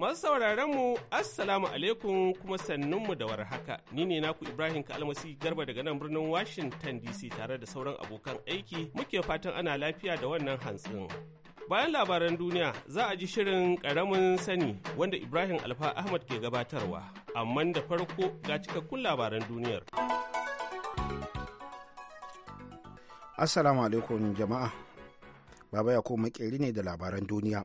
Masu sauraron mu Assalamu alaikum kuma sannunmu da warhaka. Ni ne naku Ibrahim Kalmasi Garba daga nan birnin Washington DC tare da sauran abokan aiki muke fatan ana lafiya da wannan hantsin. Bayan labaran duniya za a ji shirin ƙaramin sani wanda Ibrahim Alfa Ahmad ke gabatarwa, amma da farko ga cikakkun labaran duniyar. Assalamu alaikum jama'a. Baba ya ko makeri ne da labaran duniya.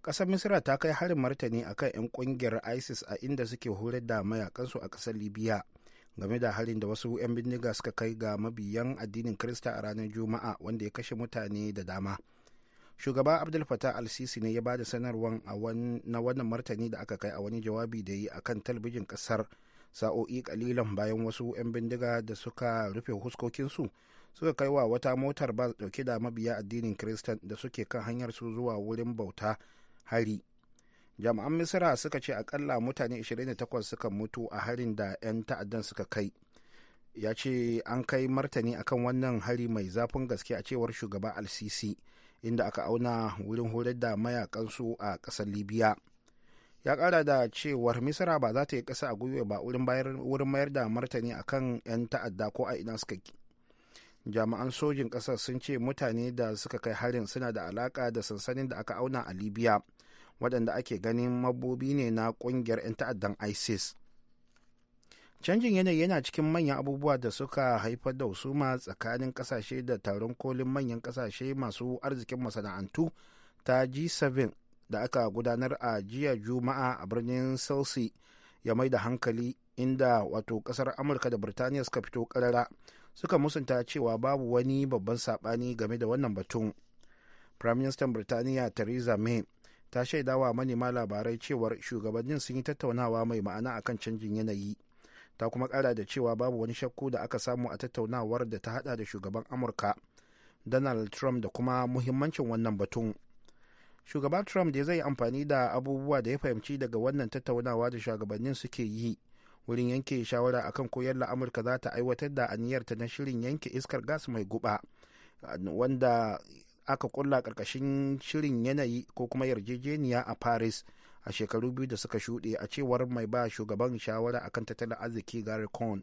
kasar misira ta kai harin martani a kan 'yan ƙungiyar isis a inda suke horar da mayakansu a kasar libya game da harin da wasu 'yan bindiga suka kai ga mabiyan addinin krista a ranar juma'a wanda ya kashe mutane da dama shugaba abdul fatah al-sisi ne ya bada sanarwar na wannan martani da aka kai a wani jawabi da yi akan talbijin kasar sa'o'i kalilan bayan wasu 'yan bindiga da suka rufe huskokinsu suka kai wa wata motar ba dauke da mabiya addinin kristan da suke kan hanyar su zuwa wurin bauta hari jami'an misira suka ce akalla mutane 28 suka mutu a harin da 'yan ta'addan suka kai ya ce an kai martani akan wannan hari mai zafin gaske a cewar shugaba al-sisi inda aka auna wurin horar da mayakansu a ƙasar libya ya ƙara da cewar misira ba za ta yi ƙasa a gwiwa ba wurin mayar da martani akan 'yan ta'adda ko a ina suka jami'an sojin ƙasar sun ce mutane da suka kai harin suna da alaƙa da sansanin da aka auna a libya waɗanda ake ganin mabobi ne na ƙungiyar 'yan ta'addan isis canjin yanayi yana cikin manyan abubuwa da suka haifar da husuma tsakanin ƙasashe da taron kolin manyan ƙasashe masu arzikin masana'antu ta g7 da aka gudanar a jiya juma'a a birnin celsi ya mai da hankali inda wato ƙasar amurka da birtaniya suka fito ƙarara suka musanta cewa babu wani babban saɓani game da wannan batun. Firaministan Birtaniya Theresa May ta shaida wa manema labarai cewar shugabannin sun yi tattaunawa mai ma'ana akan canjin yanayi. Ta kuma ƙara da cewa babu wani shakku da aka samu a tattaunawar da ta haɗa da shugaban Amurka Donald Trump da kuma muhimmancin wannan batun. Shugaba Trump da zai amfani da abubuwa da ya fahimci daga wannan tattaunawa da shugabannin suke yi wurin yanke shawara akan ko yalla amurka za ta aiwatar da aniyarta na shirin yanke iskar gas mai guba wanda aka kulla karkashin shirin yanayi ko kuma yarjejeniya a paris a shekaru biyu da suka shuɗe a cewar mai ba shugaban shawara akan tattalin arziki gary cohn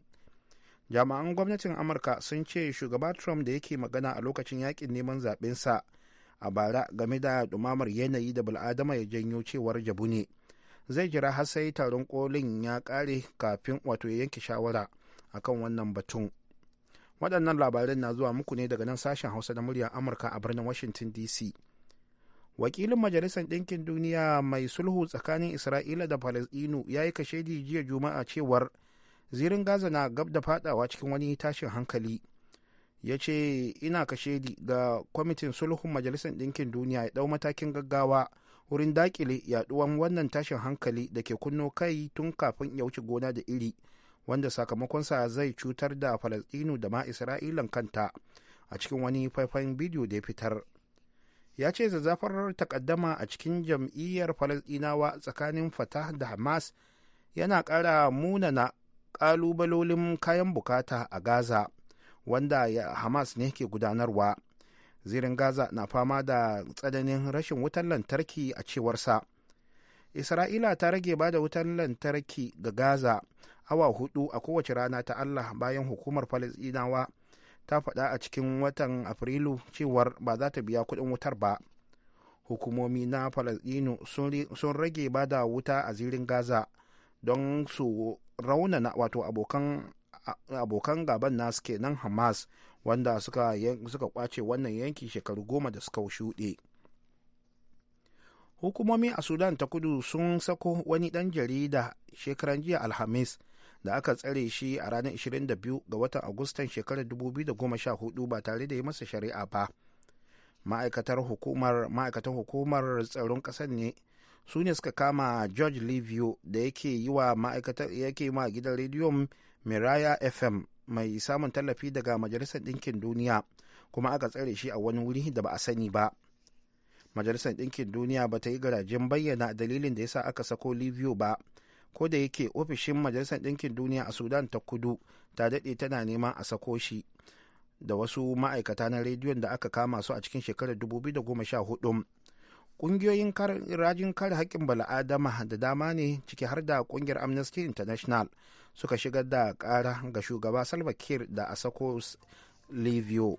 jami'an gwamnatin amurka sun ce shugaba trump da yake magana a lokacin yakin neman zaɓensa a bara game da dumamar yanayi da bil'adama ya janyo cewar jabu ne zai jira har sai taron kolin ya kare kafin wato ya yanke shawara akan wannan batun waɗannan labarin na zuwa muku ne daga nan sashen hausa da muryar amurka a birnin washington dc wakilin majalisar ɗinkin duniya mai sulhu tsakanin isra'ila da falasɗinu ya yi kashedi jiya juma'a cewar zirin gaza na gab da fadawa cikin wani tashin hankali ya ce ina kashedi ga kwamitin sulhun majalisar ɗinkin duniya ya ɗau matakin gaggawa wurin dakile yaduwan wannan tashin hankali da ke kunno kai tun kafin ya wuce gona da iri wanda sakamakonsa zai cutar da falastinu da ma isra'ilan kanta a cikin wani faifan bidiyo da ya fitar ya ce zazzafar takaddama a cikin jam'iyyar falastinawa tsakanin fatah da hamas yana ƙara munana ƙalubalolin kayan bukata a gaza wanda hamas ne ke gudanarwa zirin gaza na fama da tsananin rashin wutan lantarki a cewarsa isra'ila ta rage ba da wutar lantarki ga gaza awa hudu a kowace rana ta allah bayan hukumar falisdinawa ta faɗa a cikin watan afrilu cewar ba za ta biya kuɗin wutar ba hukumomi na falasdino sun rage ba da wuta a zirin gaza don su raunana wato abokan abokan gaban nasu kenan hamas wanda suka, kwace wannan yanki shekaru goma da suka shuɗe hukumomi a sudan ta kudu sun sako wani ɗan jarida shekaran jiya alhamis da aka tsare shi a ranar 22 ga watan agustan shekarar 2014 ba tare da yi masa shari'a ba ma'aikatar hukumar ma'aikatan hukumar tsaron ƙasar ne su ne suka kama george livio da yake yi wa ma'aikatar yake yi wa gidan rediyon Miraya FM mai samun tallafi daga Majalisar Ɗinkin Duniya kuma aka tsare shi a wani wuri da ba a sani ba. Majalisar Ɗinkin Duniya ba ta yi garajin bayyana dalilin da ya sa aka sako Livio ba, ko da yake ofishin Majalisar Ɗinkin Duniya a Sudan ta kudu ta daɗe tana nema a sako shi da wasu ma'aikata na rediyon da aka kama su a cikin shekarar 2014 ƙungiyoyin rajin kare haƙƙin bala'adama da dama ne ciki har da ƙungiyar amnesty international suka shigar da ƙara ga shugaba salva kiir da asako livio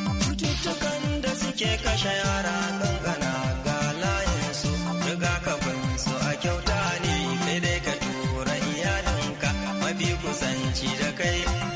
Cututtukan da suke kashe yara ƙanƙana ga layinsu, rigakafinsu a kyauta ne, sai dai ka tura iyalinka mafi kusanci da kai.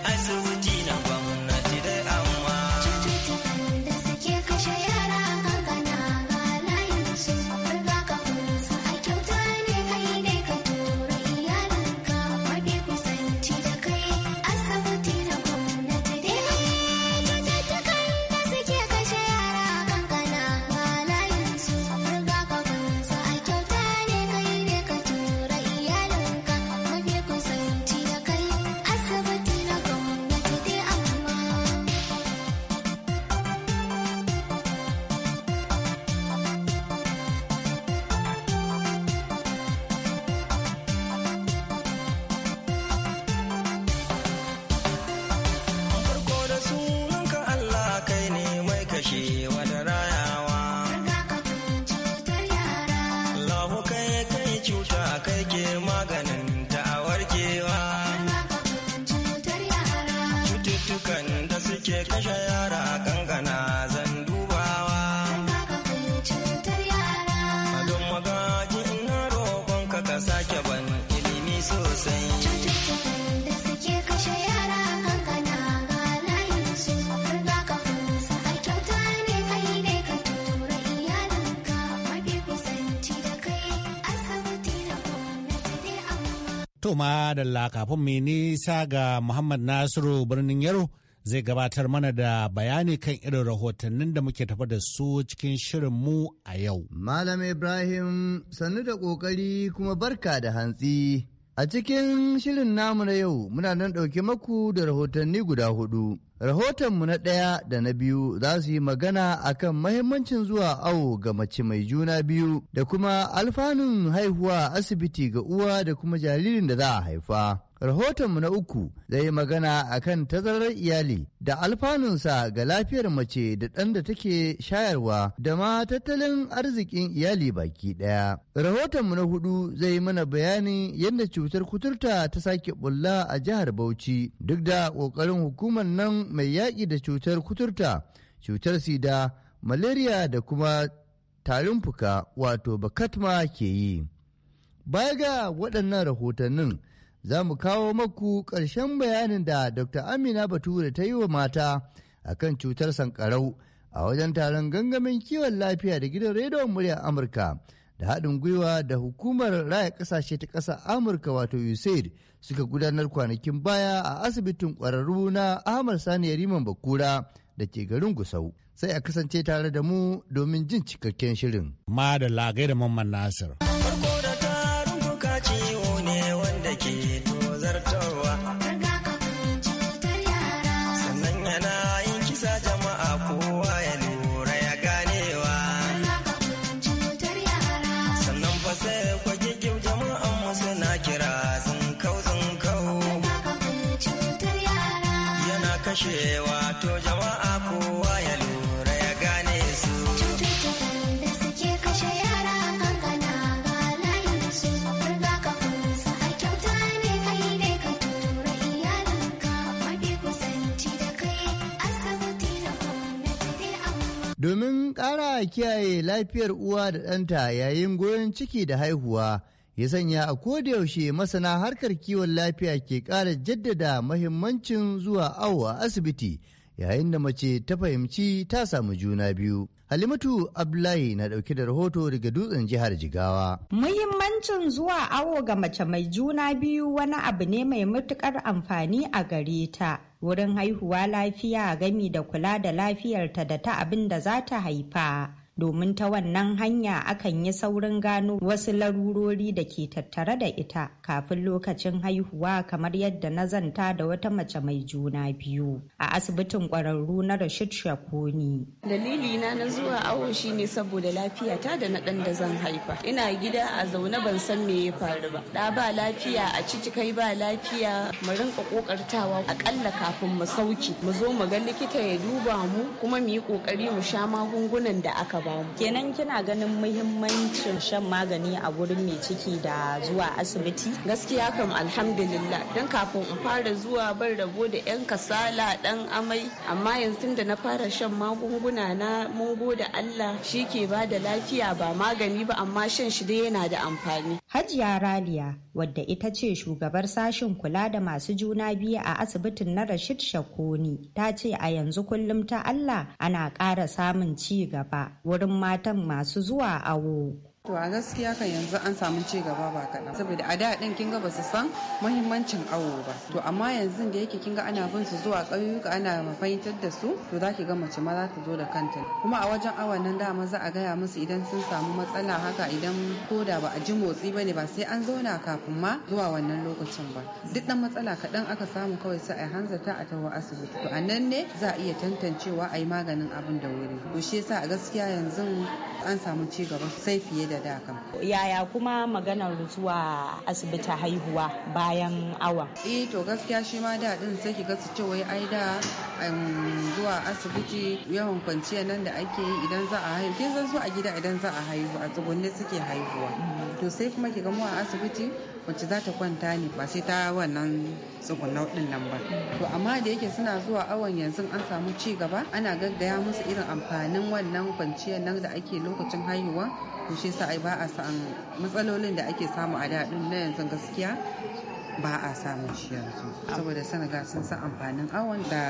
To da kafin mai nisa ga Muhammad Nasiru birnin Yaro zai gabatar mana da bayani kan irin rahotannin da muke tafa da su cikin shirin mu a yau. Malam Ibrahim sannu da ƙoƙari kuma barka da hantsi. A cikin shirin namu na yau muna nan ɗauke maku da rahotanni guda hudu. Rahotonmu na ɗaya da na biyu za su yi magana akan mahimmancin zuwa awo ga mace mai juna biyu da kuma alfanun haihuwa asibiti ga uwa da kuma jaririn da za a haifa. Rahotonmu na uku zai magana a kan tazarar iyali da alfanunsa ga lafiyar mace da ɗan da take shayarwa da ma tattalin arzikin iyali baki ɗaya. Rahotonmu na hudu zai mana bayani yadda cutar kuturta ta sake bulla a jihar Bauchi duk da ƙoƙarin hukumar nan mai yaƙi da cutar kuturta, cutar sida, malaria da kuma tarin fuka wato bakatma ke yi. Baya ga waɗannan rahotannin. za mu kawo maku ƙarshen bayanin da Dr. Amina Bature ta yi wa mata a kan cutar sankarau a wajen taron gangamin kiwon lafiya da gidan rediyon muryar Amurka da haɗin gwiwa da hukumar raya ƙasashe ta ƙasa Amurka wato USAID suka gudanar kwanakin baya a asibitin ƙwararru na Ahmad Sani Yariman Bakura da ke garin Gusau. Sai a kasance tare da mu domin jin cikakken shirin. Ma da lagai da Mamman Nasir. domin ƙara kiyaye lafiyar uwa da ɗanta yayin goyon ciki da haihuwa ya sanya a kodayaushe masana harkar kiwon lafiya ke ƙara jaddada mahimmancin zuwa awo a asibiti yayin da mace ta fahimci ta samu juna biyu. Halimatu Abdullahi na ɗauke da rahoto daga dutsen jihar Jigawa. Muhimmancin zuwa awo ga mace mai juna biyu wani abu ne mai matuƙar amfani a gare ta. Wurin haihuwa lafiya gami da kula da lafiyarta da ta abin da za ta haifa. domin ta wannan hanya akan yi saurin gano wasu larurori da ke tattare da ita kafin lokacin haihuwa kamar yadda na zanta da wata mace mai juna biyu a asibitin kwararru na Rashid Shakoni. Dalili na na zuwa awo shine saboda lafiyata da na ɗan da zan haifa. Ina gida a zaune ban san me ya faru ba. Da ba lafiya a ciki kai ba lafiya mu rinka kokartawa akalla kafin mu sauki mu zo mu ga likita ya duba mu kuma mu yi kokari mu sha magungunan da aka bamu kenan kina ganin muhimmancin shan magani a wurin mai ciki da zuwa asibiti gaskiya kam alhamdulillah dan kafin in fara zuwa ban rabo da yan kasala dan amai amma yanzu da na fara shan magunguna na mun gode Allah shi ke ba da lafiya ba magani ba amma shan shi dai yana da amfani hajiya raliya wadda ita ce shugabar sashin kula da masu juna biyu a asibitin na Rashid Shakoni ta ce a yanzu kullum ta Allah ana ƙara samun ci gaba wurin matan masu zuwa awo. To a gaskiya kan yanzu an samu ci gaba ba kaɗan saboda a da ɗin kinga ba su san muhimmancin awo ba. To amma yanzu da yake kinga ana bin su zuwa ƙauyuka ana fahimtar da su to za ki ga mace ma za ta zo da kanta. Kuma a wajen awon nan dama za a gaya musu idan sun samu matsala haka idan ko da ba a ji motsi ba ne ba sai an zauna kafin ma zuwa wannan lokacin ba. Duk ɗan matsala kaɗan aka samu kawai sai a yi hanzarta a taho asibiti. To a nan ne za a iya tantancewa a yi maganin abin da wuri. To shi yasa a gaskiya yanzu an samu cigaba sai fiye da da yaya kuma maganar zuwa asibiti haihuwa bayan awa E, to gaskiya shi ma da din sai kiga su ce wai ai da zuwa asibiti yawan kwanciya nan da ake yi idan za a haihu kin san su a gida idan za a haihu a tsugunne suke haihuwa mm. to sai kuma kiga mu a asibiti wacce za ta kwanta ne ba sai ta wannan tsugunau din nan ba to amma da yake suna zuwa awon yanzu an samu ci gaba ana gaggaya musu irin amfanin wannan kwanciyar nan da ake lokacin haihuwa to shi sa ai ba a san matsalolin da ake samu a daɗin na yanzu gaskiya ba a samun shi yanzu saboda sanaga sun san amfanin awon da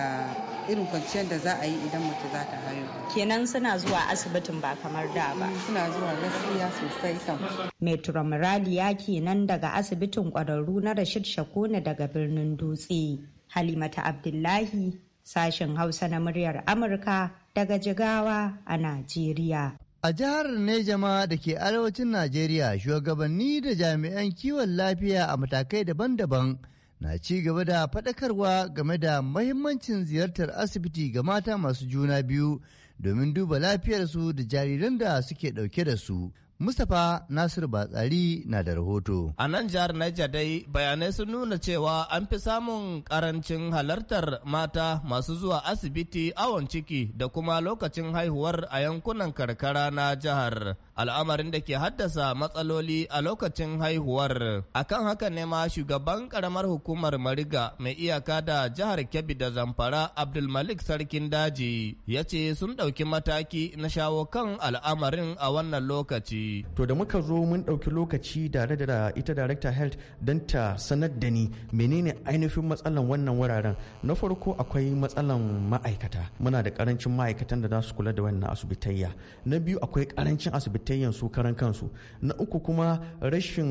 irin kwanciyar da za a yi idan mace za ta hayo kenan suna zuwa asibitin ba kamar da ba mm, suna zuwa gaskiya sosai kam metro ya kenan daga asibitin kwararru na rashid shakona daga birnin dutse halimata abdullahi sashen hausa na muryar amurka daga jigawa a najeriya A jihar Nejama da ke arewacin Najeriya shugabanni da jami'an kiwon lafiya a matakai daban-daban na ci gaba da faɗakarwa game da mahimmancin ziyartar asibiti ga mata masu juna biyu domin duba lafiyarsu da jariran da suke ɗauke da su. Mustapha Nasiru Batsari na da rahoto. A nan jihar Niger dai bayanai sun nuna cewa an fi samun karancin halartar mata masu zuwa asibiti awon ciki da kuma lokacin haihuwar a yankunan karkara na jihar. al'amarin da ke haddasa matsaloli a lokacin haihuwar. Akan haka ne ma shugaban karamar hukumar Mariga mai iyaka da jihar Kebbi da Zamfara Abdulmalik Sarkin Daji ya ce sun ɗauki mataki na shawo kan al'amarin a wannan lokaci. To da muka zo mun ɗauki lokaci tare da ita Director Health don ta sanar da ni menene ainihin matsalan wannan wuraren. Na farko akwai matsalan ma'aikata. Muna da karancin ma'aikatan da za su kula da wannan asibitayya. Na biyu akwai karancin asibiti tayyan su karan kansu na uku kuma rashin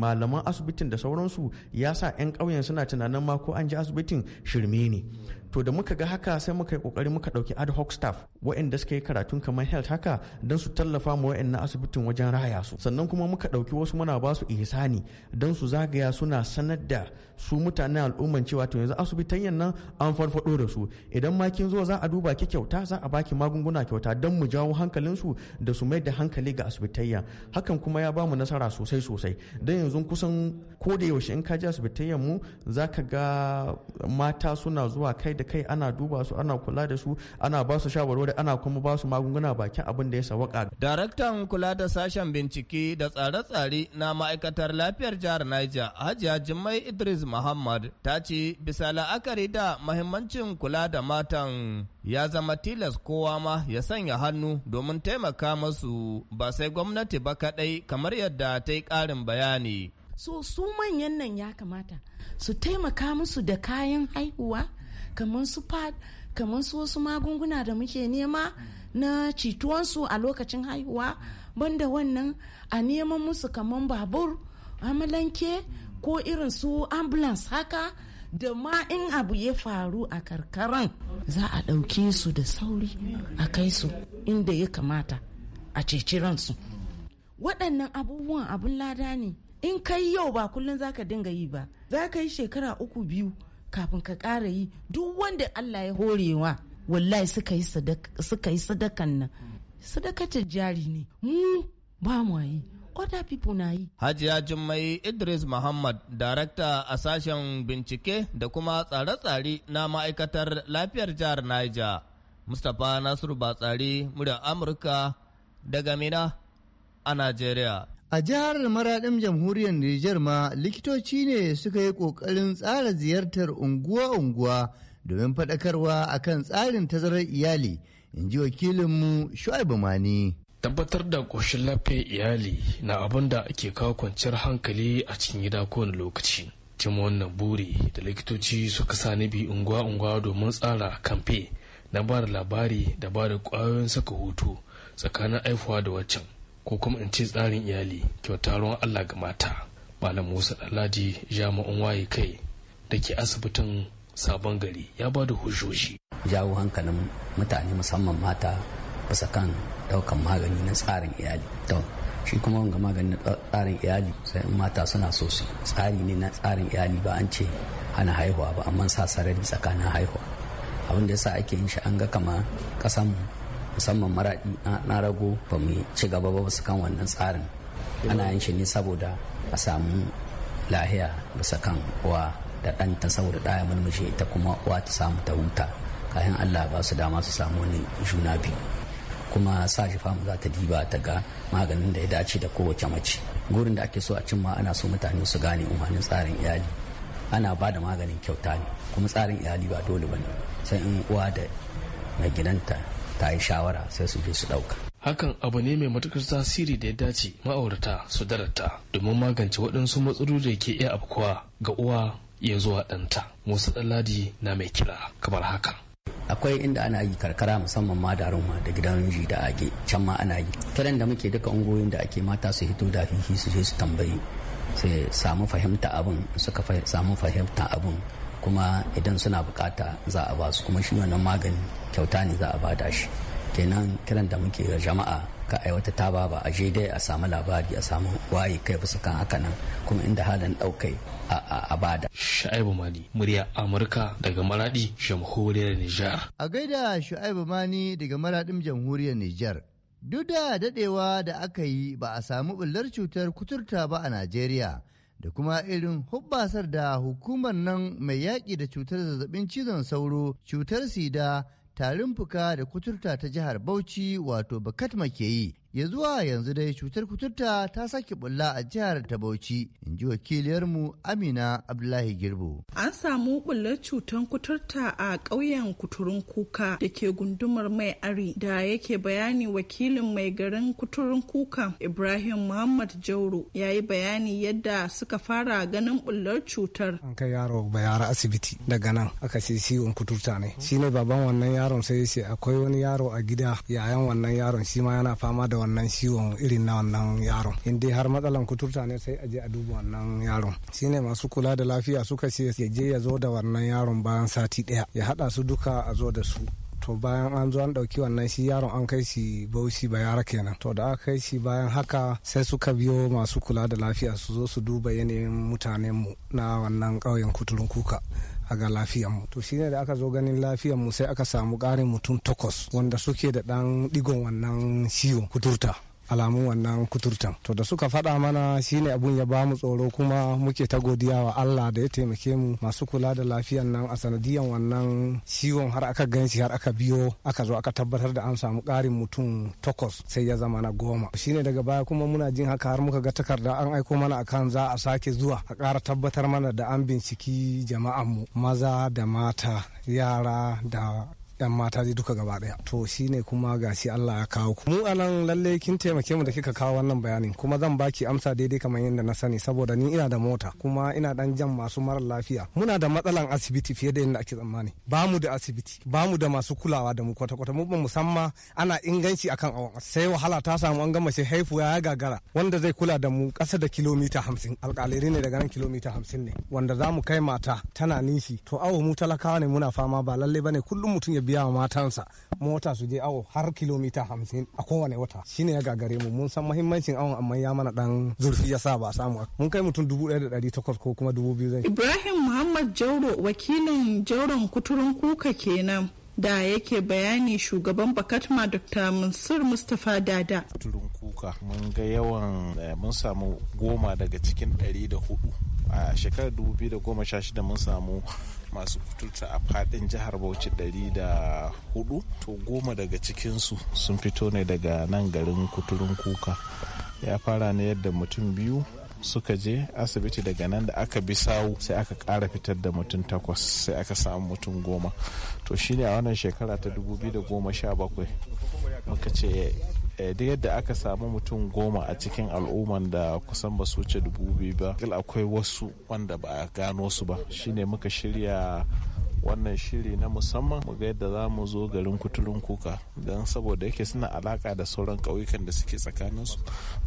malaman asibitin da sauransu ya sa 'yan ƙauyen suna tunanin ma ko an ji asibitin shirme ne to da muka ga haka sai muka yi kokari muka dauki ad hoc staff waɗanda suka yi karatun kamar health haka don su tallafa mu waɗannan asibitin wajen raya su sannan kuma muka dauki wasu muna ba su ihsani don su zagaya suna sanar da su mutanen al'umman cewa to yanzu asibitan nan an farfado da su idan ma kin zo za a duba ki kyauta za a baki magunguna kyauta don mu jawo hankalin su da su mai da hankali ga asibitayya hakan kuma ya bamu nasara sosai sosai don yanzu kusan ko da yaushe in ka je asibitayyan mu zaka ga mata suna zuwa kai da kai ana duba su ana kula da su ana ba su shawarwari ana kuma ba su magunguna bakin abin da ya sawaka. Daraktan kula da sashen bincike da tsare-tsare na ma'aikatar lafiyar jihar Niger Hajiya Jummai Idris Muhammad ta ce bisa la'akari da mahimmancin kula da matan ya zama tilas kowa ma ya sanya hannu domin taimaka masu ba sai gwamnati ba kaɗai kamar yadda ta yi ƙarin bayani. So su manyan nan ya kamata su taimaka musu da kayan haihuwa kamar su pad kamar su wasu magunguna da muke nema na cituwansu a lokacin haihuwa banda wannan a neman musu kaman babur amalanke ko irin su ambulance haka da ma in abu ya faru a karkaran za a ɗauke su da sauri a kai su inda ya kamata a ceci ransu waɗannan abubuwan abun lada ne in kai yau ba kullum za ka dinga yi ba za ka yi shekara uku biyu kafin ka ƙara yi duk wanda Allah ya horewa wallahi suka yi sadakan nan sadakacin jari ne mu ba mu yi other people na yi. Hajiya Jummai Idris Muhammad, darakta a sashen bincike da kuma tsare-tsare na ma'aikatar lafiyar jihar Niger. Mustapha Nasiru Batsari, murya Amurka daga Mina a Najeriya. A jihar Maraɗin Jamhuriyar Nijar ma likitoci ne suka yi ƙoƙarin tsara ziyartar unguwa-unguwa domin faɗakarwa kan tsarin tazarar iyali, in ji wakilinmu Shu'aibu Mani. tabbatar da ƙoshin lafiyar iyali na abin da ake kawo kwanciyar hankali a cikin gida kowane lokaci cin wannan buri da likitoci suka sa bi unguwa-unguwa domin tsara kamfe na ba labari da ba da ƙwayoyin saka hutu tsakanin aifuwa da waccan ko kuma in ce tsarin iyali kyauta ruwan allah ga mata malam musa alhaji Jami'un waye kai da ke asibitin sabon gari ya ba da hujjoji jawo hankalin mutane musamman mata bisa kan daukan magani na tsarin iyali to shi kuma wanga magani na tsarin iyali sai mata suna so su tsari ne na tsarin iyali ba an ce hana haihuwa ba amma sa sarari tsakanin haihuwa abin da yasa ake yin shi an ga kama kasan musamman maraɗi na rago ba mu ci gaba ba su kan wannan tsarin ana yin shi ne saboda a samu lahiya bisa kan uwa da ɗanta saboda ɗaya mulmushi ita kuma uwa ta samu ta huta kayan allah ba su dama su samu wani juna biyu kuma sa shi famu za ta diba ta ga maganin da ya dace da kowace mace gurin da ake so a cimma ana so mutane su gane umarnin tsarin iyali ana ba da maganin kyauta ne kuma tsarin iyali ba dole ba ne sai in uwa da mai gidanta ta yi shawara sai su je su ɗauka. Hakan abu ne mai matukar tasiri da ya dace ma'aurata su darata domin magance waɗansu matsaloli da ke iya afkuwa ga uwa ya zuwa ɗanta. Musa Ɗanladi na mai kira kamar haka. akwai inda ana yi karkara musamman ma da roma da gidan ji da age can ma ana yi kiran da muke duka ungoyin da ake mata su hito da fifi su je su tambayi sai samu fahimta abun suka samu fahimta abin kuma idan suna bukata za a basu kuma shi wannan magani kyauta ne za a bada shi kenan kiran da muke ga jama'a ka aiwata ta ba a je dai a samu labari a samu waye kai bisa kan haka nan kuma inda halin daukai a bada. Shu'aibu Mani murya Amurka daga Maradi jamhuriyar Nijar. A gaida Shu'aibu Mani daga Maradin jamhuriyar Nijar. Duk da dadewa da aka yi ba a samu bullar cutar kuturta ba a Najeriya. da kuma irin hubbasar da hukumar nan mai yaƙi da cutar zazzabin cizon sauro cutar sida tarin fuka da kuturta ta jihar Bauchi wato Bakatma ke yi ya zuwa yanzu dai cutar kuturta ta sake bulla a jihar ta bauchi in ji wakiliyarmu amina abdullahi girbo an samu bullar cutar kuturta a ƙauyen kuturun kuka da ke gundumar mai ari da yake bayani wakilin mai garin kuturun kuka ibrahim muhammad jauro ya yi bayani yadda suka fara ganin bullar cutar an kai yaro yara asibiti daga nan aka ce ciwon kuturta ne shine baban wannan yaron sai ya ce akwai wani yaro a gida yayan wannan yaron shi ma yana fama da wannan ciwon irin na wannan yaron in dai har matsalan kuturta ne sai a je a duba wannan yaron shine masu kula da lafiya suka ce ya je ya zo da wannan yaron bayan sati daya ya hada su duka a zo da su to bayan an zo an ɗauki wannan shi yaron an kai shi ba bayara kenan to da aka kai shi bayan haka sai suka biyo masu kula da lafiya su zo su duba yanayin mutanen mutanenmu na wannan ƙauyen kuturun kuka a ga mu to shine da aka zo ganin mu sai aka samu ƙarin mutum takwas wanda suke da ɗan ɗigon wannan ciwon kuturta alamun wannan kuturtan to da suka faɗa mana shine abun ya bamu tsoro kuma muke ta godiya wa Allah da ya taimake mu masu kula da lafiyan nan a sanadiyan wannan ciwon har aka ganshi har aka biyo aka zo aka tabbatar da an samu ƙarin mutum takwas sai ya zama na goma shine daga baya kuma muna jin haka har muka ga takarda an aiko mana akan za a sake zuwa a ƙara tabbatar mana da an binciki jama'an mu maza da mata yara da yan mata dai duka gaba daya to shine kuma gashi Allah ya kawo ku mu anan lalle kin taimake mu da kika kawo wannan bayanin kuma zan baki amsa daidai kamar yadda na sani saboda ni ina da mota kuma ina dan jan masu mara lafiya muna da matsalan asibiti fiye da yadda ake tsammani ba mu da asibiti ba mu da masu kulawa da mu kwata kwata mu musamman ana inganci akan awon sai wahala ta samu an gama sai haifu ya gagara wanda zai kula da mu kasa da kilomita hamsin alkalari ne daga nan kilomita hamsin ne wanda za mu kai mata tana nishi to awo mu talakawa ne muna fama ba lalle bane kullum mutum ya biya wa matansa mota su je awo har kilomita hamsin a kowane wata shine ya gagare mu mun san mahimmancin awon amma ya mana dan zurfi ya sa ba samu mun kai mutum dubu ɗaya da ɗari takwas ko kuma dubu biyu zai. Ibrahim Muhammad Jauro wakilin Jauron kuturun kuka kenan. da yake bayani shugaban bakatma dr mansur mustapha dada turun kuka mun ga yawan eh, mun samu goma daga cikin ɗari da hudu a shekarar dubu biyu da goma sha shida mun samu masu kuturta a fadin jihar bauchi ɗari da hudu to goma daga cikinsu sun fito ne daga nan garin kuturun kuka ya fara ne yadda mutum biyu suka je asibiti daga nan da aka bi sawu sai aka ƙara fitar da mutum takwas sai aka samu mutum goma to shine a wannan shekara ta 2017 muka ce eh, duk yadda aka samu mutum goma a cikin al'umman da kusan ba su wuce dubu biyu ba akwai wasu wanda ba a gano su ba shine muka shirya wannan shiri na musamman mu ga yadda za mu zo garin kutulun kuka don saboda yake suna alaka da sauran ƙauyukan da suke tsakaninsu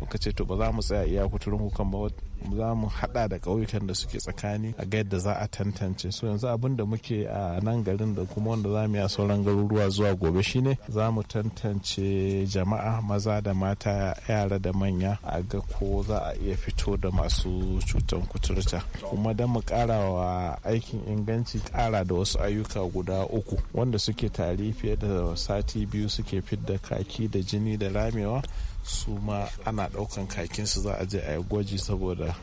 muka ce to ba za mu tsaya iya kutulun kukan ba za mu hada da kauyukan da suke tsakani a ga yadda za a tantance so yanzu abin da muke a nan garin da kuma wanda za mu yi a sauran garuruwa zuwa gobe shine za mu tantance jama'a maza da mata yara da manya a ga ko za a iya fito da masu cutar kuturta kuma don mu karawa aikin inganci kara da wasu ayyuka guda uku wanda suke tari fiye da sati biyu suke fidda kaki da jini da ramewa su ma ana ɗaukan kakinsu za a je a yi gwaji saboda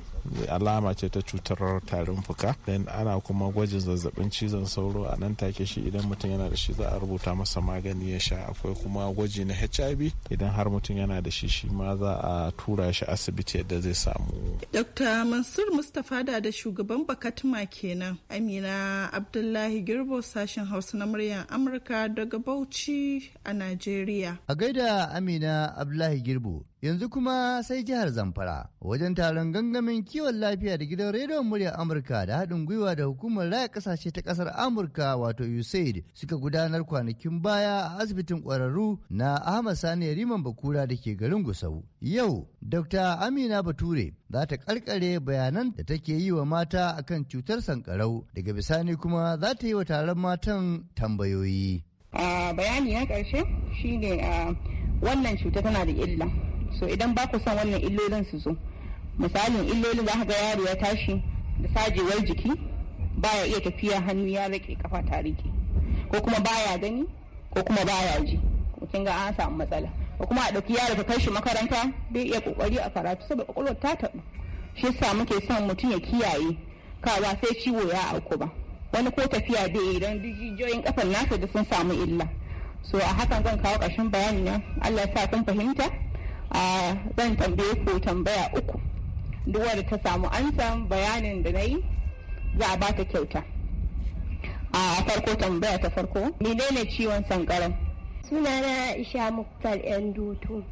alama ce ta cutar tarin fuka dan ana kuma gwajin zazzabin cizon sauro a nan take shi idan mutum yana da shi za a rubuta masa magani ya sha akwai kuma gwaji na hiv idan har mutum yana da shi shi ma za a tura shi asibiti yadda zai samu dr mansur mustapha da da shugaban bakatuma kenan amina abdullahi girbo sashen hausa na muryar amurka daga bauchi a najeriya a gaida amina abdullahi girbo Yanzu kuma sai jihar Zamfara wajen taron gangamin kiwon lafiya da gidan rediyon murya Amurka da haɗin gwiwa da hukumar raya ƙasashe ta ƙasar Amurka wato USAID suka gudanar kwanakin baya a asibitin ƙwararru na Ahmad Sani Riman Bakura da ke garin Gusau. Yau, Dr. Amina Bature za ta ƙarƙare bayanan da take yi wa mata akan cutar sankarau daga bisani kuma za ta yi wa taron matan tambayoyi. Ah, bayani ya ƙarshe shi ne ah, wannan cuta tana da illa. so idan ba ku son wannan illolin su zo misalin illolin za ga yaro ya tashi da sajewar jiki baya iya tafiya hannu ya rike kafa ta rike ko kuma baya gani ko kuma baya ji kin ga an samu matsala ko kuma a ɗauki yaro ka kai shi makaranta bai iya kokari a karatu saboda kwakwalwar ta taɓa shi yasa muke son mutum ya kiyaye kawa sai ciwo ya auku ba wani ko tafiya bai yi don jijiyoyin kafan nasa da sun samu illa so a hakan zan kawo ƙarshen bayani na allah ya sa kun fahimta a zan tambaye ku tambaya uku duk wadda ta samu ansan bayanin da na yi za a bata kyauta a farko tambaya ta farko menene ciwon sankaran sunana isha muktar yan dutu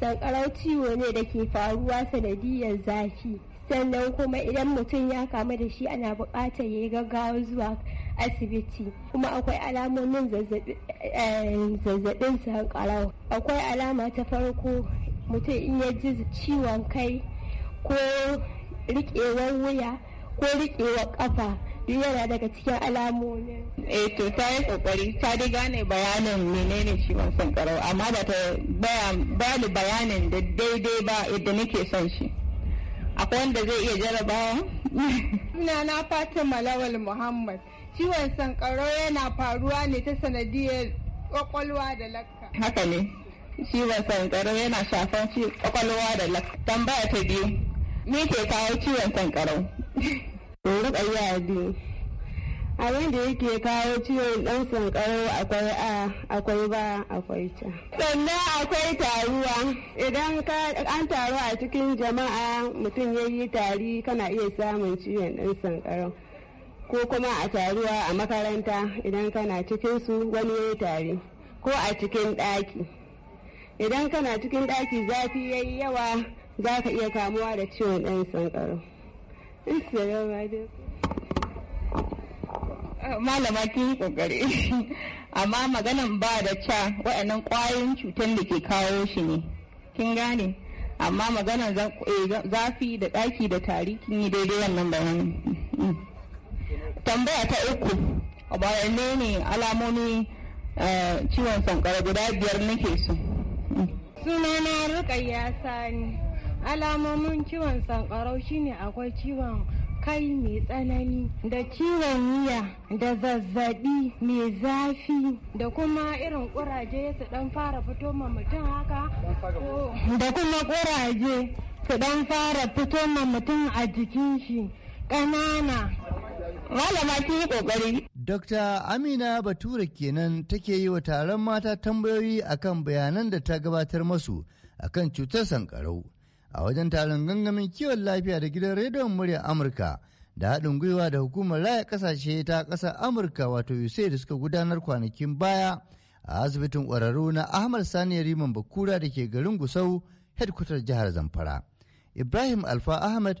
sankarau ciwo ne da ke faruwa sanadiyar zafi sannan kuma idan mutum ya kamu da shi ana buƙatar ya yi gaggawa zuwa asibiti kuma akwai alamomin zazzabin eh, sankarau akwai alama ta farko mutum in ya ji ciwon kai ko riƙewar wuya ko riƙewar ƙafa duk yana daga cikin alamomin. eh to ta yi kokari ta dai gane bayanin menene ciwon sankarau amma ba ta bayanin da daidai ba yadda nake son shi akwai wanda zai iya jarabawa na na fatima lawal muhammad ciwon sankarau yana faruwa ne ta sanadiyar kwakwalwa da lakka haka ne ciwon sankarau yana shafan kwakwalwa da tambaya ta biyu me ke kawo ciwon sankarau rukayya biyu abin da yake kawo ciwon dan sankarau akwai a akwai ba akwai ta sannan akwai taruwa idan ka an taru a cikin jama'a mutum ya yi tari kana iya samun ciwon dan sankarau ko kuma a taruwa a makaranta idan kana cikinsu wani ya yi tari ko a cikin ɗaki idan kana cikin ɗaki zafi ya yi yawa za ka iya kamuwa da ciwon ɗan sankaro malama kin yi kokari amma maganan ba da ca waɗannan ƙwayoyin cutar da ke kawo shi ne kin gane amma maganan eh, zafi da ɗaki da tari kin yi daidai wannan bayani tambaya ta uku bayanai ne alamomi eh, ciwon sankara guda biyar nake so Sunana Rukayya Sani. Alamomin ciwon sankarau shine akwai ciwon kai mai tsanani da ciwon miya da zazzabi mai zafi da kuma irin kuraje su dan fara fito ma mutum haka da kuma kuraje su dan fara fito ma mutum a jikin shi ƙanana malama kin yi kokari. Dr. Amina Bature kenan take yi wa taron mata tambayoyi akan bayanan da ta gabatar masu akan cutar sankarau. A wajen taron gangamin kiwon lafiya da gidan rediyon murya Amurka da haɗin gwiwa da hukumar raya ƙasashe ta ƙasar Amurka wato USAID da suka gudanar kwanakin baya a asibitin ƙwararru na Ahmad Sani Riman Bakura da ke garin Gusau, hedkwatar jihar Zamfara. Ibrahim Alfa Ahmad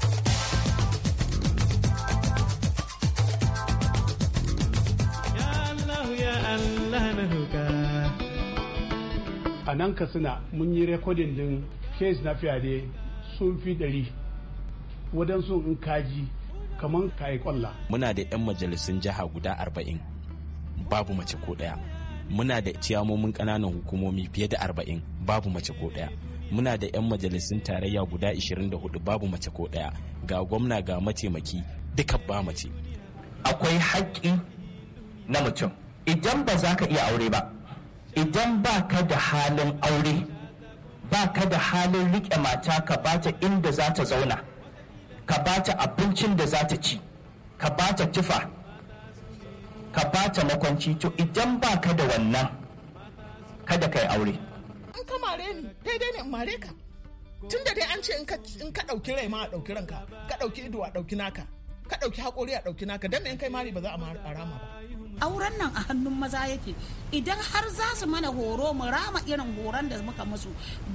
a nan suna mun yi rekodin din case na fiyade sun fi ɗari wadansu in kaji kamar kayi kwalla muna da 'yan majalisun jiha guda arba'in babu mace ko ɗaya muna da ciyamomin ƙananan hukumomi fiye da arba'in babu mace ko ɗaya muna da 'yan majalisun tarayya guda 24 babu mace ko ɗaya ga gwamna ga mataimaki duka ba mace akwai haƙƙi na mutum idan ba za ka iya aure ba idan ba ka da halin aure ba ka da halin riƙe mata ka bata inda za ta zauna ka bata abincin da za ta ci ka bata tufa ka bata makwanci to idan ba ka da wannan kada ka yi aure in ka mare ni daidai ne in mare ka tun da dai an ce in ka ɗauki rai ma a ɗauki ranka ka ɗauki ido a ɗauki naka ka ɗauki haƙori a ɗauki naka don me in kai mari ba za a rama ba auren nan a hannun maza yake idan har za su mana horo mu rama irin horon da muka musu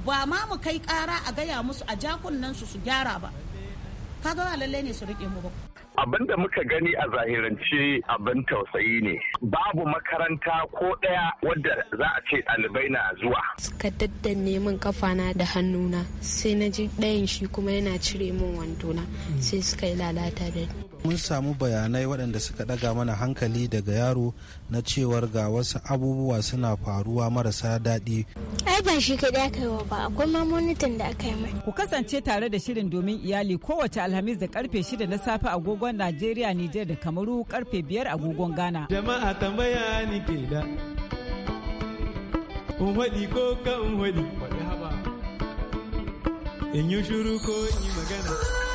ba ma mu kai kara a gaya musu a jakunan su su gyara ba kaga ba lallai ne su rike mu ba abin da muka gani a zahirance abin tausayi ne babu makaranta ko ɗaya wadda za a ce ɗalibai na zuwa suka daddanne min na da hannuna sai na ji ɗayan shi kuma yana cire min wandona mm. sai suka yi lalata da ni mun samu bayanai waɗanda suka ɗaga mana hankali daga yaro na cewar ga wasu abubuwa suna faruwa marasa daɗi. Ai ba shi kaɗai aka yi wa ba akwai mamonitan da aka yi mai. Ku kasance tare da shirin domin iyali kowace alhamis da karfe shida na safe agogon Najeriya, Nijar da Kamaru karfe biyar agogon Ghana. Jama'a tambaya ni ke da. un waɗi ko ka un waɗi. In yi shuru ko in yi magana.